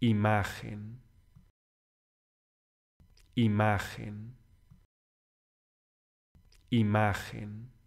imagen, imagen, imagen.